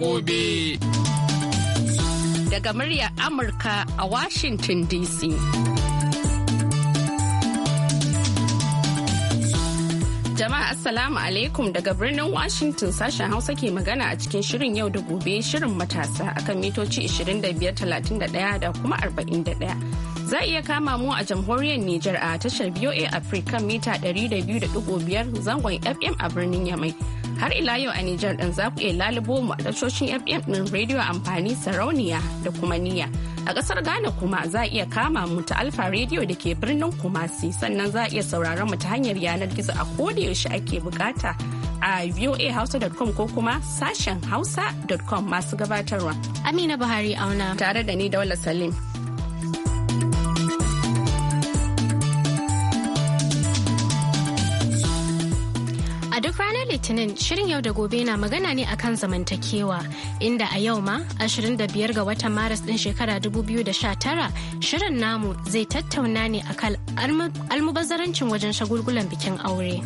gobe. Daga muryar Amurka a Washington DC. Jama'a Assalamu alaikum daga birnin Washington sashen Hausa ke magana a cikin shirin yau da gobe shirin matasa akan mitoci 25,31 da kuma 41. Za a iya kama mu a jamhuriyar Nijar a tashar BOA Africa mita 200.5 zangon FM a birnin Yamai. Har ila yau a Nijar ɗin za ku iya lalubo mu a tashoshin FM ɗin rediyo amfani sarauniya da kuma niyya. A ƙasar Ghana kuma za a iya kama mu ta Alfa rediyo da ke birnin Kumasi sannan za a iya sauraron mu ta hanyar yanar gizo a yaushe ake bukata a voahausa.com ko kuma sashen hausa.com masu gabatarwa. Amina Buhari auna. Tare da ni Daula Salim. Litinin shirin yau da gobe na magana ne akan zamantakewa inda a yau ma 25 ga watan Maris din shekara 2019 shirin namu zai tattauna ne akan almubazarancin wajen shagulgulan bikin aure.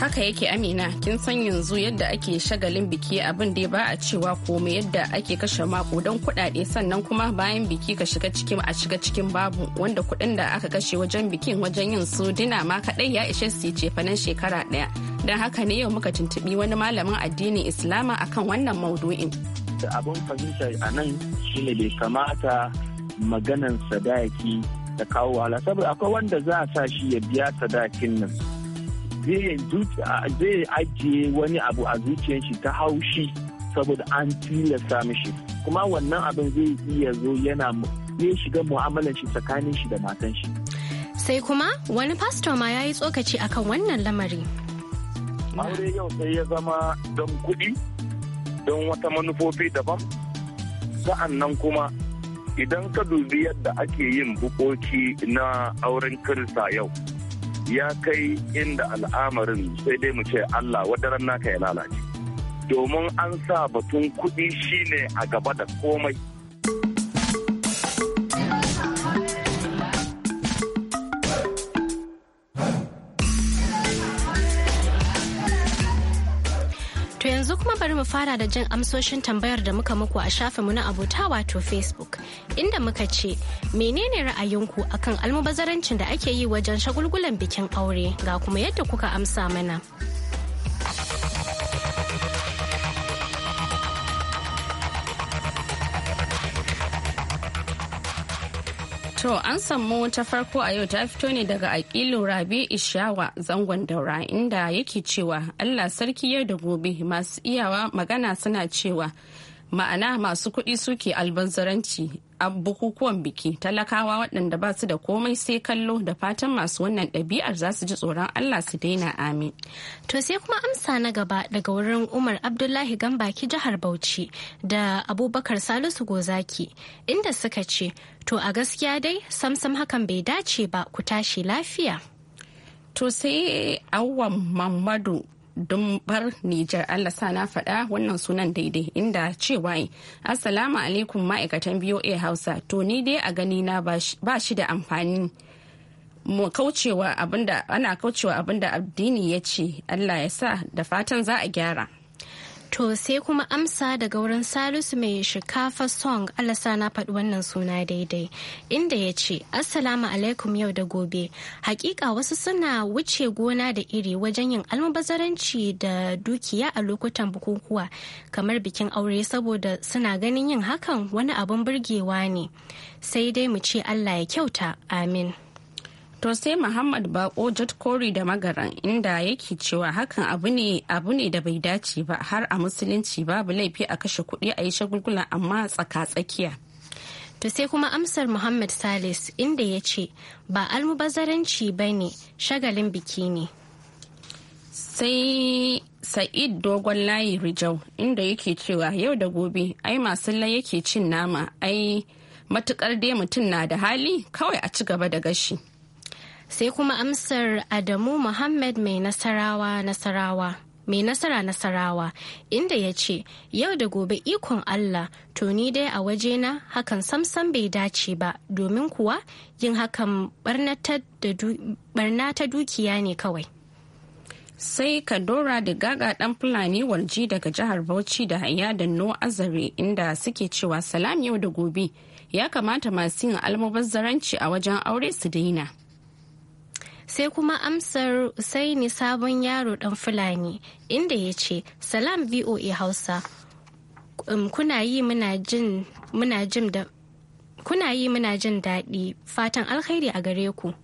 haka yake amina kin san yanzu yadda ake shagalin biki abin da ba a cewa komai yadda ake kashe makudan kudade sannan kuma bayan biki ka shiga cikin a shiga cikin babu wanda kudin da aka kashe wajen bikin wajen yin su dina ma kadai ya ishe su cefanen shekara daya don haka ne yau muka tuntubi wani malamin addinin islama akan wannan maudu'in. abin fahimta a nan shine bai kamata maganan sadaki da kawo wahala saboda akwai wanda za a sa shi ya biya sadakin nan zai ajiye wani abu a zuciyar shi ta haushi saboda an tilasta mishi kuma wannan abin zai iya zo yana zai shiga mu'amalar shi tsakanin shi da matan shi sai kuma wani pastor ma ya yi tsokaci akan wannan lamari aure yau sai ya zama don kuɗi don wata manufofi daban sa'an nan kuma idan ka dubi yadda ake yin bukoki na auren kirista yau ya kai inda al'amarin sai dai mu ce Allah wadaran naka ya lalace domin an sa batun kuɗi shine a gaba da komai bari mu fara da jin amsoshin tambayar da muka muku a mu na abota wato Facebook, inda muka ce, menene ra'ayinku akan almubazarancin da ake yi wajen shagulgulan bikin aure ga kuma yadda kuka amsa mana. To an samu ta farko a yau ta fito ne daga aƙilu Rabi Ishawa zangon daura inda yake cewa Allah sarki yau da gobe masu iyawa magana suna cewa ma'ana masu kuɗi suke albanzaranci a bukukuwan biki talakawa waɗanda ba su da komai sai kallo da fatan masu wannan ɗabi'ar za su ji tsoron Allah su daina amin. To sai kuma amsa na gaba daga wurin Umar Abdullahi Gambaki jihar Bauchi da Abubakar Salisu Gozaki inda suka ce to a gaskiya dai samsam hakan bai dace ba ku tashi lafiya. To sai Awwan Mamadu dumbar Nijar Allah sa na faɗa wannan sunan daidai inda cewa Assalamu alaikum ma'aikatan BOA Hausa to ni dai a gani na ba shi da amfani mu kaucewa abinda ana kaucewa abinda addini ya ce Allah ya sa da fatan za a gyara. To sai kuma amsa daga wurin Salisu mai shikafa song alasa na faɗi wannan suna daidai inda ya ce Assalamu alaikum yau da gobe. Hakika wasu suna wuce gona da iri wajen yin almubazaranci da dukiya a lokutan bukukuwa kamar bikin aure saboda suna ganin yin hakan wani abin burgewa ne. Sai dai mu ce Allah ya kyauta amin. to sai muhammad bako jet kori da magaran inda yake cewa hakan abu ne abu ne da bai dace ba har a musulunci babu laifi a kashe kuɗi a yi shagulgula amma tsaka-tsakiya to sai kuma amsar muhammad salis inda ya ce ba almubazzaranci ba ne shagalin biki ne sai sa'id dogon layi rijau inda yake cewa yau da gobe ai masu yake cin nama ai matukar dai mutum na da hali kawai a ci gaba da gashi sai kuma amsar adamu muhammad mai nasarawa nasarawa mai nasara nasarawa inda ya ce yau da gobe ikon allah to ni dai a wajena hakan samsam bai dace ba domin kuwa yin hakan barna ta dukiya ne kawai sai kadora da gaga dan fulani warji daga jihar bauchi da hanya da no azare inda suke cewa salam yau da gobe ya kamata masu yin almubazzaranci a wajen aure su daina sai kuma amsar sai ni sabon yaro dan Fulani inda ya ce salam VOA Hausa um, kuna yi muna jin daɗi fatan alkhairi a gare ku.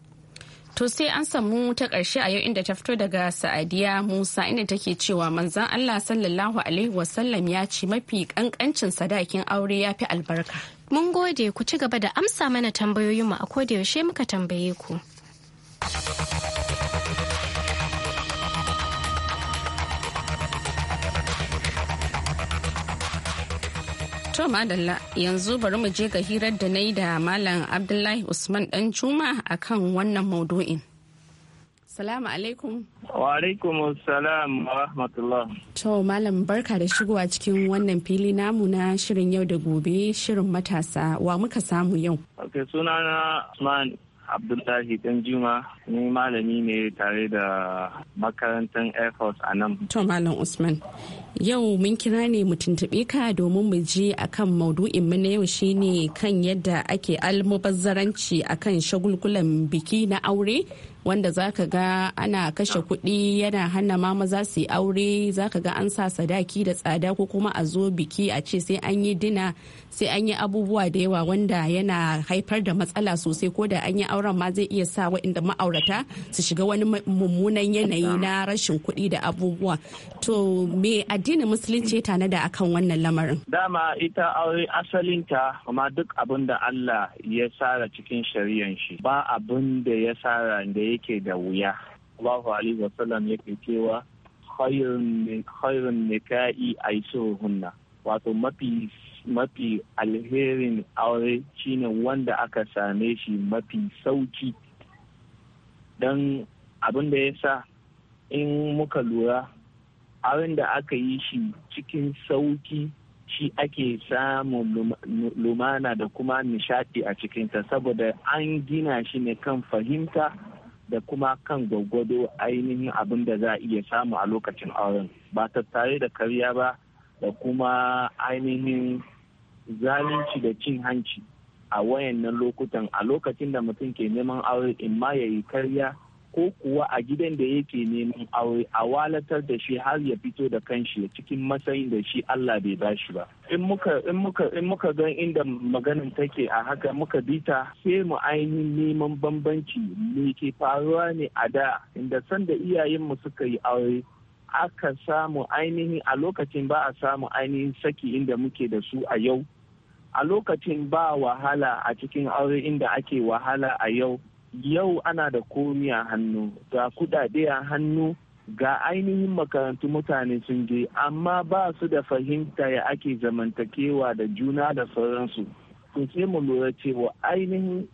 To sai an samu ta ƙarshe a yau inda ta fito daga Sa'adiya Musa inda take cewa manzan Allah sallallahu Alaihi wasallam ya ce mafi ƙanƙancin sadakin aure ya fi albarka. Mun gode ku ci gaba da amsa mana tambayoyinmu a koda yaushe muka tambaye ku. To Madalla yanzu bari mu je ga hirar da na yi da Malam Abdullahi Usman Dan Juma a kan wannan maudu'in. Salamu alaikum. Wa alaikum salam wa rahmatullah. To Malam barka da shigowa cikin wannan fili namu na shirin yau da gobe shirin matasa wa muka samu yau. Ok sunana Usman Abdullahi juma ni malami ne tare da makarantar Air Force a nan. To Malam Usman, yau mun kira ne mu tuntuɓe ka domin mu je akan maudu'in mu na yau shine kan yadda ake almubazzaranci akan shagulgulan biki na aure wanda zaka ga ana kashe kuɗi yana hana ma maza su yi aure zaka ga an sa sadaki da tsada ko kuma a zo biki a ce sai an yi dina sai an yi abubuwa da yawa wanda yana haifar da matsala sosai ko da an yi aure auren ma zai iya sa waɗanda ma'aurata su shiga wani mummunan yanayi na rashin kuɗi da abubuwa to me addinin musulunci ya tanada akan wannan lamarin dama ita aure asalinta kuma duk abin da Allah ya tsara cikin shari'an shi ba abin da ya tsara da yake da wuya Allahu alaihi wasallam yake cewa khairun nika'i aisuhunna wato mafi mafi alherin aure shine wanda aka same shi mafi sauki don abin da ya sa in muka lura auren da aka yi shi cikin sauki shi ake samun lumana da kuma nishadi a cikinta saboda an gina shi ne kan fahimta da kuma kan gwaggwado ainihin abin da za a iya samu a lokacin auren ba ta tare da karya ba da kuma ainihin zalunci da cin hanci a wayannan lokutan a lokacin da mutum ke neman aure in ma ya yi karya ko kuwa a gidan da yake neman aure a walatar da shi har ya fito da kanshi cikin matsayin da shi Allah bai ba shi ba in muka gan ga inda maganin take a haka muka bita sai mu ainihin neman bambanci me ke faruwa ne a da inda sanda iyayenmu suka yi aure aka samu ainihin a lokacin ba a samu ainihin saki inda muke da su a yau a lokacin ba wahala a cikin aure inda ake wahala a yau yau ana da komi a hannu ga kudade a hannu ga ainihin makarantu mutane sun je amma ba su da fahimta ya ake zamantakewa da juna da sauransu to sai mu lura cewa ainihin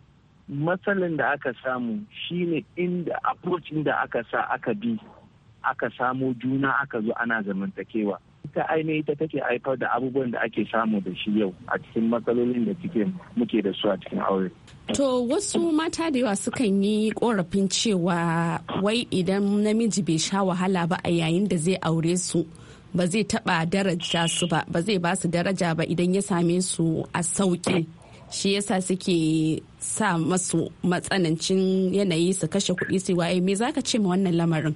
matsalin da aka samu shine inda approach da aka sa aka bi aka samo juna aka zo ana zamantakewa ita ainihi ita take haifar da abubuwan da ake samu da shi yau a cikin matsalolin da muke da su a cikin aure To wasu mata da yawa sukan yi korafin cewa wai idan namiji bai sha wahala ba a yayin da zai aure su ba zai taba daraja su ba ba zai ba su daraja ba idan ya same su a sauƙi shi yasa suke sa masu matsanancin yanayi su kashe kuɗi su waye eh, me zaka ce ma wannan lamarin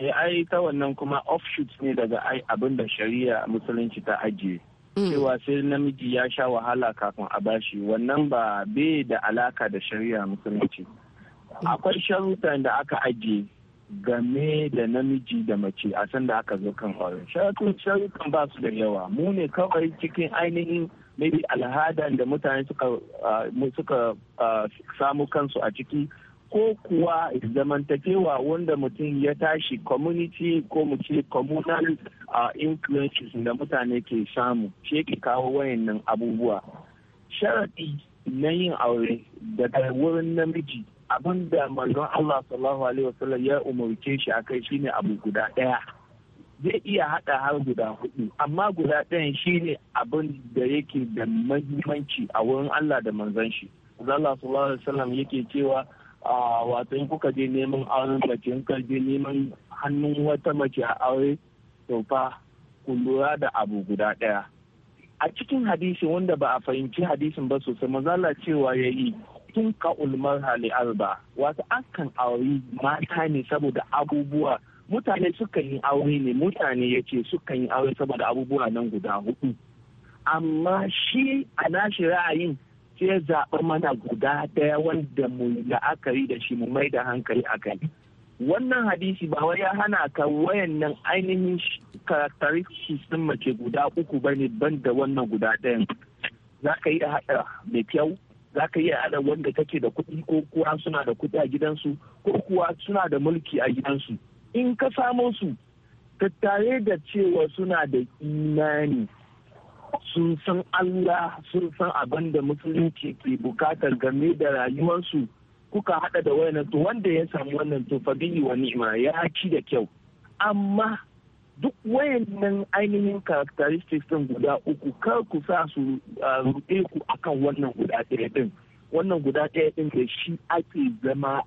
Eh, ai ta wannan kuma offshoots ne daga ai abin da shari'a musulunci ta ajiye mm. cewa sai namiji ya sha wahala kafin a bashi wannan ba bai da alaka da shari'a musulunci akwai sharuta da aka ajiye game da namiji da mace a san da aka zo kan aure Sharutan ba su da yawa mu ne kawai cikin ainihin maybe alhada da mutane suka ah, ah, samu kansu a ciki ko kuwa zamantakewa wanda mutum ya tashi community ko mu ce communal uh, influence da mutane ke samu shi yake kawo wayannan abubuwa sharadi na yin aure daga wurin namiji abin da manzon Allah sallallahu alaihi wasallam ya umarce shi a kai shine abu guda daya zai iya hada har guda hudu amma guda ɗayan shine abin da yake da mahimmanci a wurin Allah da manzon shi Allah sallallahu alaihi wasallam yake cewa wato in kuka je neman auren mace in je neman hannun wata mace a aure to fa ku lura da abu guda ɗaya a cikin hadisi wanda ba a fahimci hadisin ba sosai mazala cewa ya yi tun ka ulmar hali arba wasu akan auri mata ne saboda abubuwa mutane suka yi aure ne mutane ya ce sukan yi aure saboda abubuwa nan guda hudu amma shi a nashi ra'ayin sai zaɓa mana guda ɗaya wanda mu la'akari da shi mu mai da hankali a kai wannan hadisi ba wai ya hana ka wayannan ainihin characteristics ɗin mace guda uku ba ne ban da wannan guda ɗayan za ka iya haɗa mai kyau za ka iya haɗa wanda take da kuɗi ko kuwa suna da kuɗi a gidansu ko kuwa suna da mulki a gidansu in ka samo su tattare da cewa suna da imani sun san Allah sun san abin da musulunci ke bukatar game da rayuwarsu kuka hada da wayannan to wanda ya samu wannan to fa wa ni'ma ya ci da kyau amma duk wayannan ainihin characteristics din guda uku kar ku sa su ruɗe ku akan wannan guda ɗaya din wannan guda ɗaya din da shi ake zama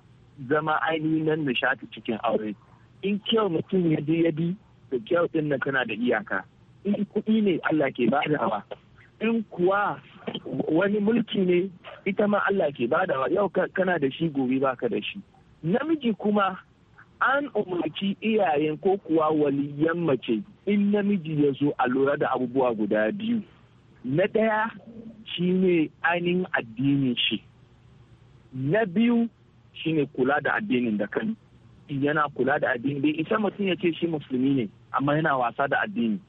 zama ainihin nan cikin aure in kyau mutum ya je ya bi da kyau din nan kana da iyaka in kuɗi ne Allah ke badawa in kuwa wani mulki ne ita ma Allah ke badawa yau kana da shi gobe baka da shi namiji kuma an umarci iyayen ko kuwa waliyan mace in namiji ya zo a lura da abubuwa guda biyu na ɗaya shine ainihin addinin shi na biyu shine kula da addinin da kan yana kula da addini bai isa mutum ya ce shi musulmi ne amma yana wasa da addini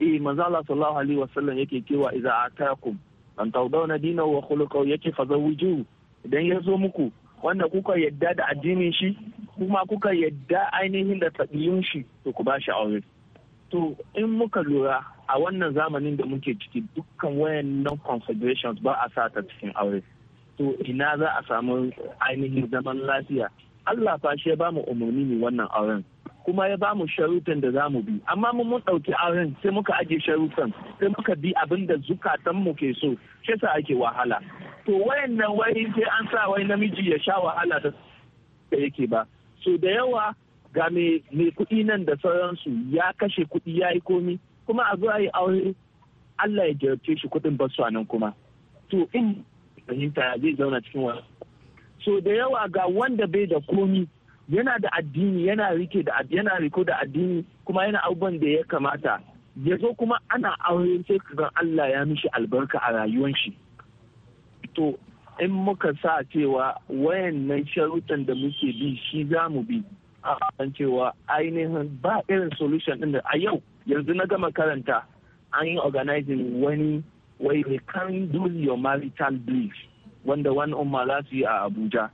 eh manzo Allah sallallahu alaihi wasallam yake cewa idza ataakum an tawdawna dinahu wa khuluquhu yake fazawiju idan ya zo muku wanda kuka yadda da addinin shi kuma kuka yadda ainihin da tabi'un shi to ku ba shi aure to in muka lura a wannan zamanin da muke ciki dukkan wayannan confederations ba a sa ta cikin aure to ina za a samu ainihin zaman lafiya Allah fa shi ya ba mu umarni ne wannan auren kuma ya bamu sharutan da za mu bi amma mun mun ɗauki auren sai muka ajiye sharutan sai muka bi abin da zukatanmu ke so shi sa ake wahala to wayannan wai sai an sa wai namiji ya sha wahala da yake ba so da yawa ga mai kuɗi nan da sauransu ya kashe kuɗi ya yi komi kuma a zuwa yi aure Allah ya jarabce shi kuɗin ba nan kuma to in fahimta zai zauna cikin wasu so da yawa ga wanda bai da komi yana da addini yana rike da yana riko da addini kuma yana abubuwan da ya kamata ya zo kuma ana aure sai kaga Allah ya mishi albarka a rayuwar shi to in muka sa cewa wayannan sharutan da muke bi shi za mu bi a cewa ainihin ba irin solution din da a yau yanzu na gama karanta an yi organizing wani wai rekindle your marital bliss wanda wani umma za su yi a abuja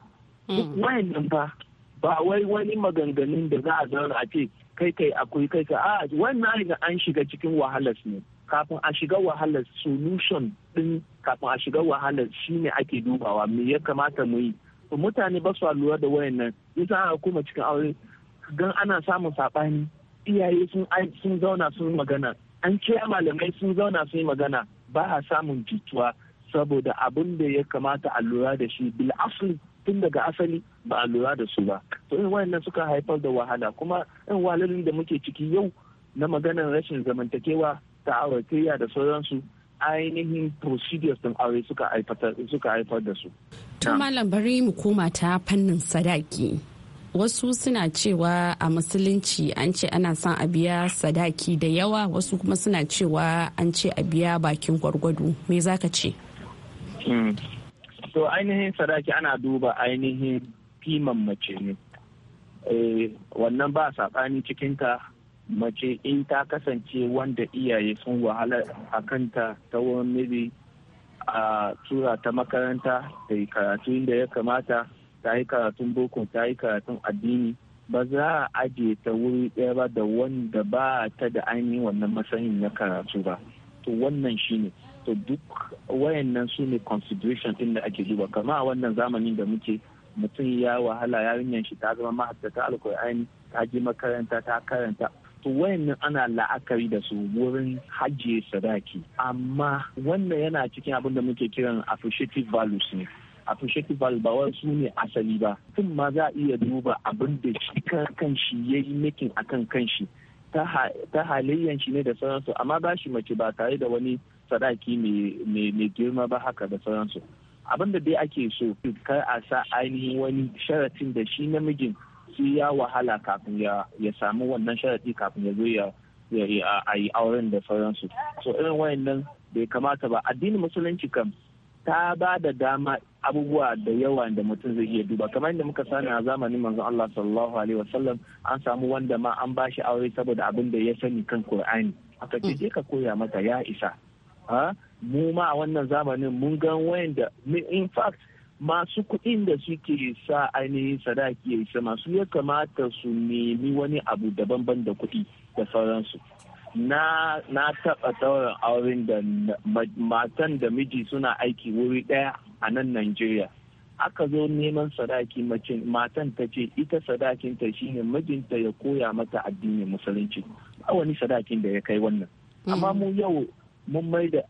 mm. duk wayannan ba ba wai wani maganganun da za a zauna a ce kai kai akwai kai ka a wannan an shiga cikin wahalas ne kafin a shiga wahalar solution din kafin a shiga wahalar shine ake dubawa me ya kamata mu yi mutane ba su lura da wayannan yasa aka kuma cikin aure gan ana samun sabani iyaye sun sun zauna sun magana an ce malamai sun zauna sun magana ba a samun jituwa saboda abin da ya kamata a lura da shi bil asli tun daga asali ba a lura da su ba to irin wayannan suka haifar da wahala kuma yin walalin da muke ciki yau na maganar rashin zamantakewa ta auratayya da sauransu ainihin procedures din aure suka haifar da su. Tun malam bari mu koma ta fannin sadaki. Wasu suna cewa a musulunci an ce ana son a biya sadaki da yawa wasu kuma suna cewa an ce a biya bakin gwargwado me zaka ce? Hmm. to ainihin sadaki ana duba ainihin kiman mace ne eh, wannan ba saɓani cikinta mace in ta kasance wanda iyaye sun wahala a kanta ta wani a tura ta makaranta da yi karatu inda ya kamata ta yi karatun boko ta yi karatun addini ba za a ajiye ta wuri ɗaya ba da wanda ba ta da ainihin wannan masanin na karatu ba to wannan shine ne to duk wayannan su ne consideration din da ake duba kama a wannan zamanin da muke mutum ya wahala yarinyar shi ta zama ta alkur'ani ta je makaranta ta karanta to wayannan ana la'akari da su wurin hajiye sadaki amma wannan yana cikin abin da muke kiran appreciative values ne appreciative values ba wai su ne asali ba tun ma za a iya duba abin da shi kan shi ya yi making akan kanshi ta halayyan shi ne da sauransu amma ba shi mace ba tare da wani sadaki mai girma ba haka da sauransu abin da dai ake so kar a sa ainihin wani sharatin da shi namijin su ya wahala kafin ya samu wannan sharati kafin ya zo ya yi auren da sauransu so irin wayannan bai kamata ba addinin musulunci kam ta ba da dama abubuwa da yawa da mutum zai iya duba kamar yadda muka sani a zamanin manzon Allah sallallahu alaihi wasallam an samu wanda ma an bashi aure saboda abin da ya sani kan Qur'ani aka ce je ka koya mata ya isa mu ma a wannan zamanin mun ga wayanda in fact masu kuɗin da suke sa ainihin sadaki ya isa masu ya kamata su nemi wani abu daban-ban da kuɗi da sauransu na na taɓa ɗaurin auren da matan da miji suna aiki wuri ɗaya a nan Najeriya. Aka zo neman sadaki mace matan ta ce ita sadakinta shine mijinta ya koya mata addinin musulunci. Ba wani sadakin da ya kai wannan. Amma mu yau mun mai da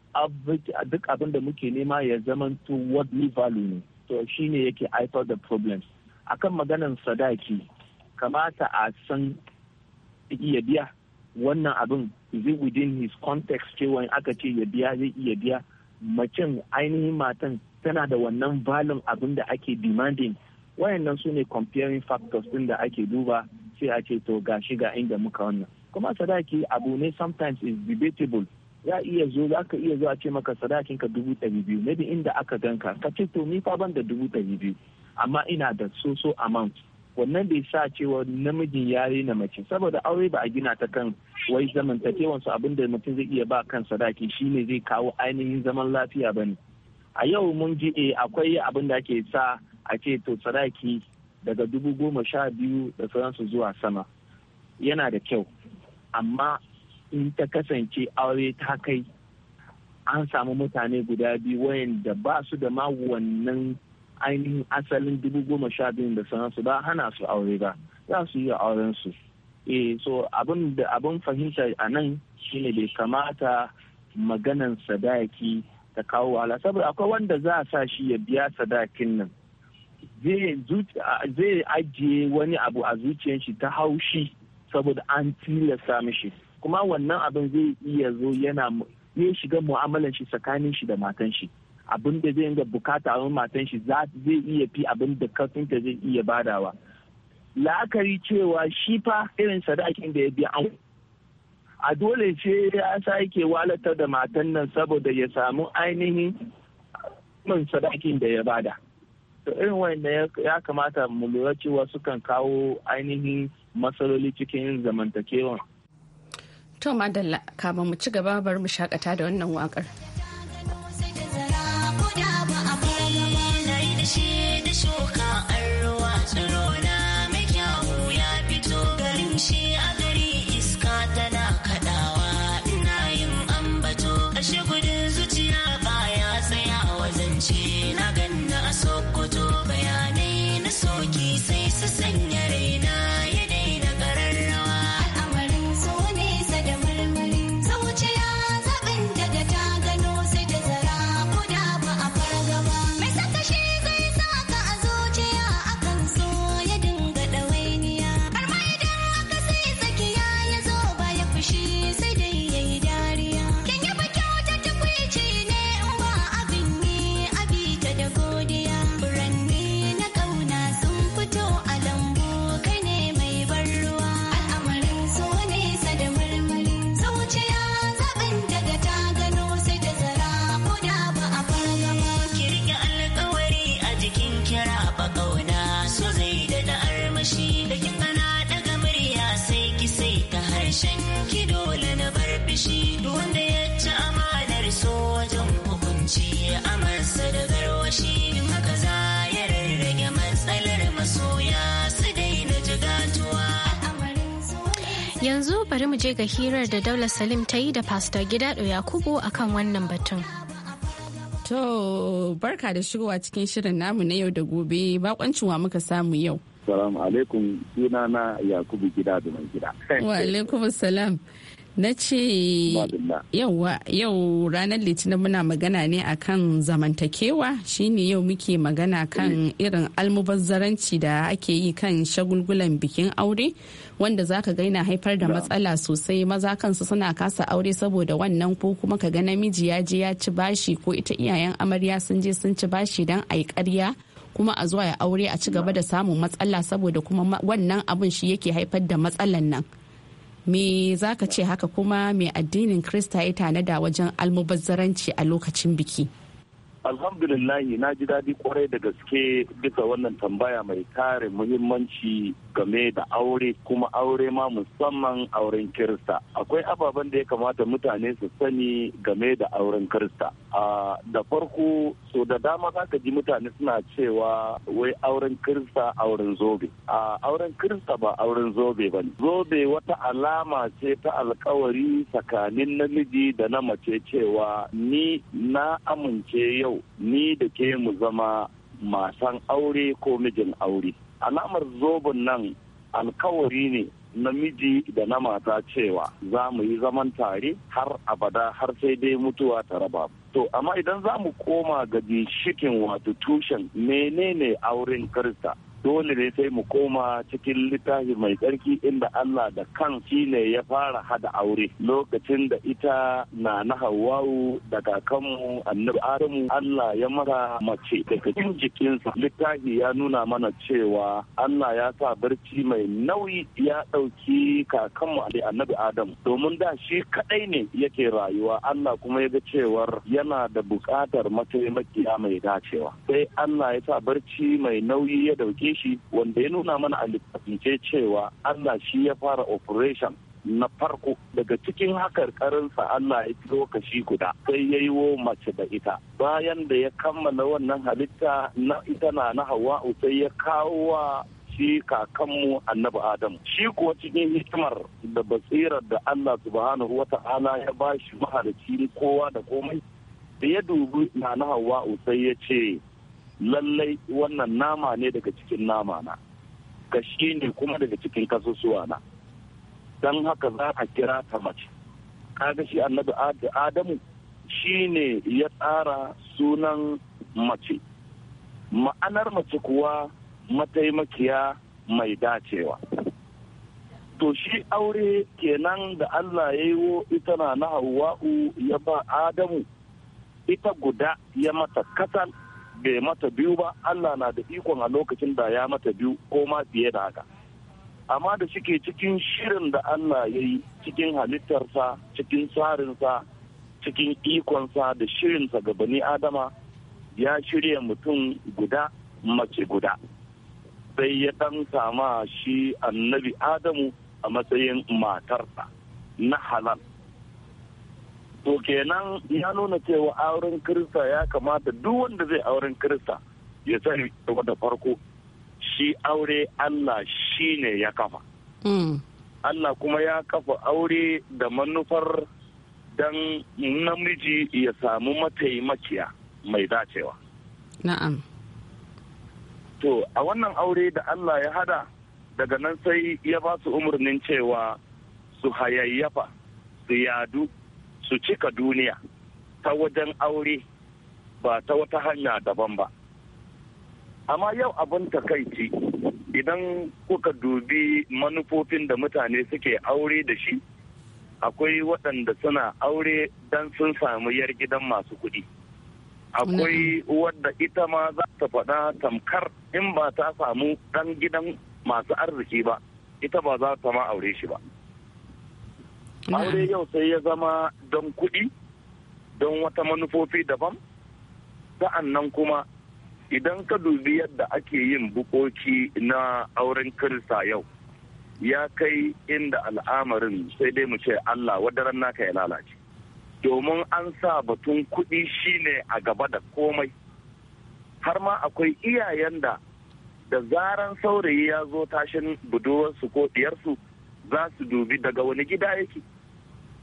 duk abin da muke nema ya zama to what we value ne to shine yake haifar da problems akan maganan sadaki kamata a san iya biya wannan abin it within his context cewa aka ce ya biya zai iya biya macen ainihin matan tana da wannan valin abin da ake demanding wayannan su ne comparing factors din da ake duba sai a ce to gashi ga inda muka wannan kuma sadaki abu ne sometimes is debatable ya iya zo za ka iya zuwa ce maka sadakin ka dubu ɗari biyu maybe inda aka ganka ka ce to ni fa ban da dubu ɗari biyu amma ina da so so amount wannan bai sa cewa namijin ya na mace saboda aure ba a gina ta kan wai zamantakewan su abinda mutum zai iya ba kan sadaki ne zai kawo ainihin zaman lafiya ba ne a yau mun ji e akwai abin da ake sa a ce to sadaki daga dubu goma sha biyu da sauransu zuwa sama yana da kyau amma in ta kasance aure ta kai an samu mutane guda biyu wayanda ba su da ma wannan ainihin asalin dubu goma sha biyun da sanarsu ba hana su aure ba za su yi auren su eh so abin da abin fahimta a nan shine bai kamata maganan sadaki ta kawo wahala saboda akwai wanda za a sa shi ya biya sadakin nan zai ajiye wani abu a zuciyar shi ta haushi saboda an tilasta mishi kuma wannan abin zai iya zo yana ya shiga mu'amalar shi tsakanin shi da matan shi abin da zai inga bukata a matan shi zai iya fi abin da kafinta zai iya badawa la'akari cewa shi fa irin sadakin da ya biya an a dole ce ya sake walatar da matan nan saboda ya samu ainihin min sadakin da ya bada to irin wanda ya kamata mu lura cewa sukan kawo ainihin matsaloli cikin zamantakewa. To Madalla, kama mu ci gaba bari mu shakata da wannan wakar. je ga hirar da Daula Salim ta yi da Pastor Gidado Yakubu akan wannan batun. To barka da shigowa cikin shirin namu na yau da gobe bakoncin wa muka samu yau. Salamu alaikum na Yakubu gida da mai gida. Wa alaikum salam. na ce yau ranar litinin muna magana ne akan zamantakewa shine yau muke magana kan eh. irin almubazzaranci da ake yi kan shagulgulan bikin aure wanda zaka ga yana haifar da matsala sosai maza kansu suna kasa aure saboda wannan ko kuma ka ga namiji ya je ya ci bashi ko ita iyayen amarya sun je sun ci bashi don a yi karya kuma a zuwa ya aure a ci gaba da samun matsala saboda kuma wannan abun shi yake haifar da matsalan nan me za ka ce haka kuma mai addinin krista ya tanada wajen almubazzaranci a lokacin biki alhamdulillahi na ji daɗi kwarai da gaske bisa wannan tambaya mai tare muhimmanci game da aure kuma aure ma musamman auren kirista akwai ababen da ya kamata mutane su sani game da auren kirista ah, da farko so da dama za ka ji mutane suna cewa wai auren kirista auren zobe a auren kirista ba auren zobe ba ne zobe wata alama ce ta alkawari tsakanin namiji da na mace cewa ni na amince yau ni da ke mu zama masan aure ko mijin aure alamar zoben nan alkawari ne namiji da na mata cewa za mu yi zaman tare har abada har sai dai mutuwa ta raba to amma idan za mu koma ga ginshikin wato tushen menene auren kirista? dole ne sai mu koma cikin littafi mai tsarki inda Allah da kan shi ne ya fara hada aure lokacin da ita na na Hawwa'u da kakanmu Annabi Adamu Allah ya mara mace daga cikin jikinsa littafi ya nuna mana cewa Allah ya sa barci mai nauyi ya ɗauki kakanmu Annabi Adamu domin da shi kadai ne yake rayuwa Allah kuma ya ga cewar yana da bukatar mataimakiya mai dacewa sai Allah ya sa barci mai nauyi ya dauki cikin shi wanda ya nuna mana a littafin cewa Allah shi ya fara operation na farko daga cikin hakarkarinsa Allah ya lokaci guda sai ya yi mace da ita bayan da ya kammala wannan halitta na ita na na hawa sai ya kawo wa shi kakanmu annabi adam shi kuwa cikin hikimar da basirar da Allah subhanahu wa ta'ala ya ba shi mahalicci kowa da komai da ya dubi na na hawa sai ya ce lallai wannan nama ne daga cikin nama na kashi ne kuma daga cikin kasusuwa na don haka za a kira ta mace kaga shi annabi adamu shi ne ya tsara sunan mace ma'anar mace kuwa mataimakiya mai dacewa to shi aure kenan da allah ya yiwo ita na na hawa'u ya ba adamu ita guda ya mata kasal bai mata biyu ba Allah na da ikon a lokacin da ya mata biyu ko ma fiye da haka amma da suke cikin shirin da Allah ya yi cikin halittarsa cikin tsarinsa cikin ikonsa da shirinsa ga bani adama ya shirya mutum guda mace guda sai ya dan sama shi annabi adamu a matsayin matarsa na halal to kenan ya nuna cewa auren kirista ya kamata duk wanda zai auren kirista ya sani da farko shi aure Allah shi ne ya kafa mm. Allah kuma ya kafa aure da manufar don namiji ya samu mataimakiya mai dacewa na'am to a wannan aure da Allah ya hada daga nan sai ya ba su umarnin cewa su hayayyafa su yadu su cika duniya ta wajen aure ba ta wata hanya daban ba amma yau abin takaici idan kuka dubi manufofin da mutane suke aure da shi akwai waɗanda suna aure don sun samu yar gidan masu kuɗi akwai wadda ita ma za ta faɗa tamkar in ba ta samu ɗan gidan masu arziki ba ita ba za ta ma aure shi ba aure yau sai ya zama don kuɗi don wata manufofi daban sa'annan kuma idan ka dubi yadda ake yin bukoki na auren kirista yau ya kai inda al'amarin sai dai mu ce Allah wadaran naka ya lalace domin an sa batun kuɗi shine a gaba da komai har ma akwai iyayen da da zaran saurayi ya zo tashin buduwarsu ko diyarsu za su dubi daga wani gida yake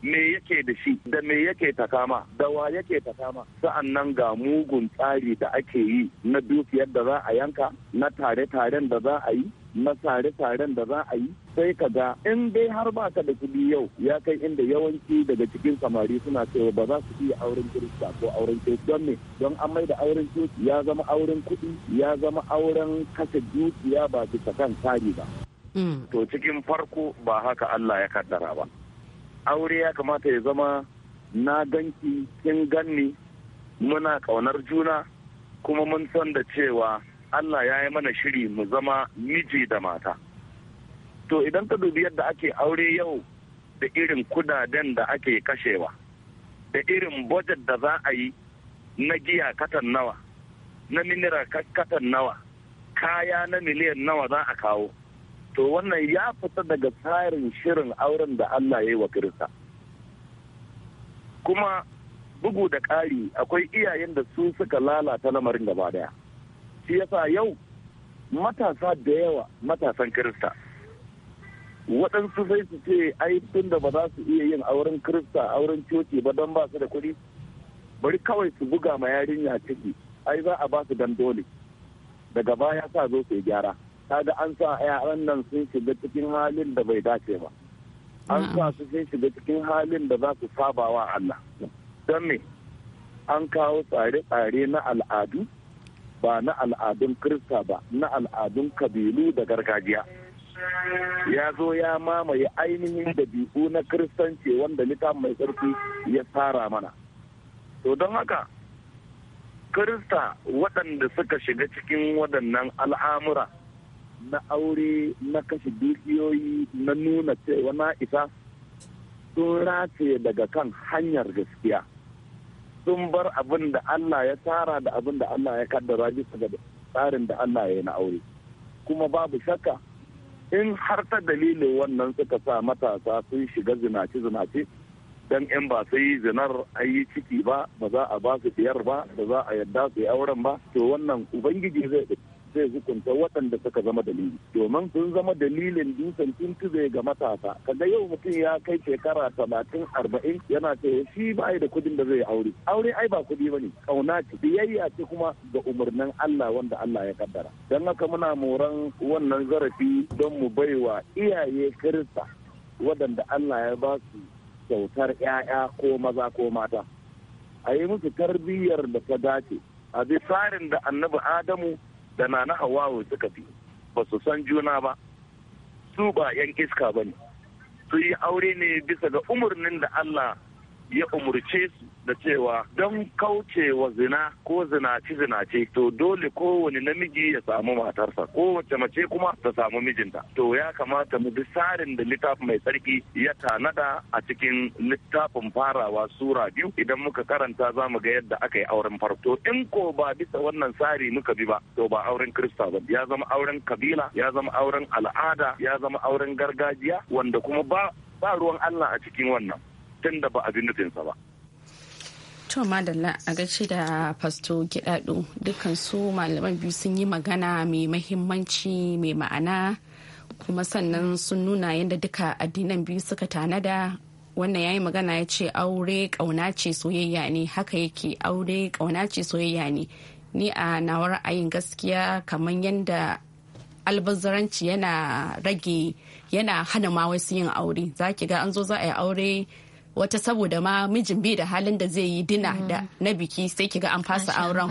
me yake da shi da me yake takama da wa yake takama nan ga mugun tsari da ake yi na dukiyar da za a yanka na tare-taren da za a yi na tare-taren da za a yi sai ka ga in dai har ba ka da kuɗi yau ya kai inda yawanci daga cikin samari suna cewa ba za su iya auren kirista ko auren kirista don me don an mai da auren kirista ya zama auren kuɗi ya zama auren kashe dukiya ba bisa kan tsari ba. Hmm. To cikin farko ba haka Allah ya kaddara ba. aure ya kamata ya zama na ganki kin ganni muna ƙaunar juna kuma mun san da cewa Allah ya yi mana shiri mu zama miji da mata. To idan ka dubi yadda ake aure yau da irin kudaden da ake kashewa, da irin budget da za a yi na giya katan nawa, na minira katan nawa, kaya na miliyan nawa za a kawo. to wannan ya fita daga tsarin shirin auren da Allah ya yi wa Kirista. Kuma bugu da ƙari akwai iyayen da su suka lalata lamarin gaba daya. Shi yasa yau matasa da yawa matasan Kirista. Waɗansu sai su ce ai tun da ba za su iya yin auren Kirista auren coci ba don ba su da kuɗi. Bari kawai su buga ma yarinya ciki ai za a ba su dandoli. Daga baya sa zo su yi gyara. kaga an sa yaran nan sun shiga cikin halin da bai dace ba an sa su sun shiga cikin halin da za su saba wa Allah don me an kawo tsare-tsare na al'adu ba na al'adun kirista ba na al'adun kabilu da gargajiya ya zo ya mamaye ainihin dabi'u na kiristanci wanda littafin mai tsarki ya tsara mana to don haka kirista waɗanda suka shiga cikin waɗannan al'amura na aure na kashe dukiyoyi na nuna cewa na isa sun race daga kan hanyar gaskiya sun bar abin da Allah ya tsara da abin da Allah ya kaddara bisa ga tsarin da Allah ya yi na aure kuma babu shakka in har ta dalilin wannan suka sa matasa sun shiga zinace-zinace dan in ba su yi zinar ayi yi ciki ba ba za a ba su fiyar ba ba za a yadda su yi auren ba to wannan ubangiji zai zai hukunta waɗanda suka zama dalili domin sun zama dalilin dusan tuntube ga matasa kaga yau mutum ya kai shekara talatin arba'in yana ce shi ba da kudin da zai aure aure ai ba kudi ne ƙauna ce biyayya ce kuma ga umarnin Allah wanda Allah ya kaddara don haka muna moran wannan zarafi don mu baiwa iyaye kirista waɗanda Allah ya ba su kyautar 'ya'ya ko maza ko mata a yi musu tarbiyyar da ta dace a bi tsarin da annabi adamu da nana hawawu suka fi ba su san juna ba su ba yan iska ba ne su yi aure ne bisa ga umarnin da allah ya umurce su da cewa don kaucewa zina ko zinace zinace to dole kowane namiji ya samu matarsa Ko kowace mace kuma ta samu mijinta to ya kamata mu bi tsarin da littafi mai tsarki ya tanada a cikin littafin farawa sura biyu idan muka karanta za mu ga yadda aka yi auren farko in ko ba bisa wannan tsari muka bi ba to ba auren kirista ba ya zama auren kabila ya zama auren al'ada ya zama auren gargajiya wanda kuma ba ba ruwan Allah a cikin wannan tun da ba a nufinsa ba. to madalla a gaci da fasto gidado dukkan su malaman biyu sun yi magana mai mahimmanci mai ma'ana kuma sannan sun nuna yadda duka addinan biyu suka tanada wannan yayi magana ya ce aure kauna ce soyayya ne haka yake aure kauna ce soyayya ne ni a nawa ra'ayin gaskiya kamar yadda albazaranci yana rage yana hana ma wasu yin aure za ki ga an zo za a yi aure wata saboda ma mijin bai da halin da zai yi dina mm. da na biki sai kiga an fasa auren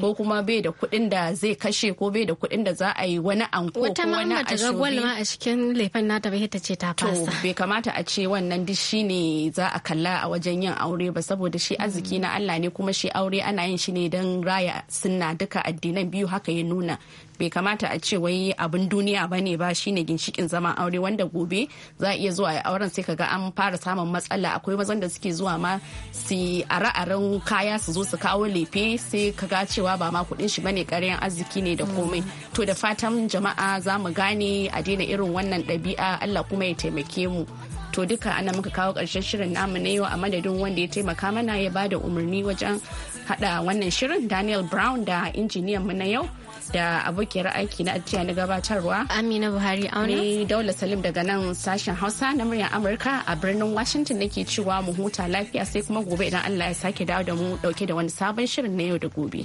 ko kuma bai da kuɗin da zai kashe ko bai da kuɗin da za a yi wani anko ko wani ashobi wata ma a cikin laifin nata bai ta ce ta fasa to bai kamata a ce wannan duk shine za a kalla a wajen yin aure ba saboda shi mm. arziki na Allah ne kuma shi aure ana yin shi ne don raya sunna duka addinan biyu haka ya nuna bai kamata a ce wai abin duniya ba ne ba shine ginshikin zama aure wanda gobe za a iya zuwa a auren sai kaga an fara samun matsala akwai mazan da suke zuwa ma su ara aren kaya su zo su kawo lefe sai kaga cewa ba ma kuɗin shi bane karyan arziki ne da komai to da fatan jama'a za mu gane a daina irin wannan ɗabi'a Allah kuma ya taimake mu to duka ana muka kawo ƙarshen shirin namu na yau a madadin wanda ya taimaka mana ya bada umarni wajen hada wannan shirin daniel brown da injiniyan mu na yau da abokiyar aiki na ajiya na gabatarwa amina buhari auna ni daula salim daga nan sashen hausa na muryar amurka a birnin washington nake cewa mu huta lafiya sai kuma gobe idan allah ya sake dawo da mu dauke da wani sabon shirin na yau da gobe.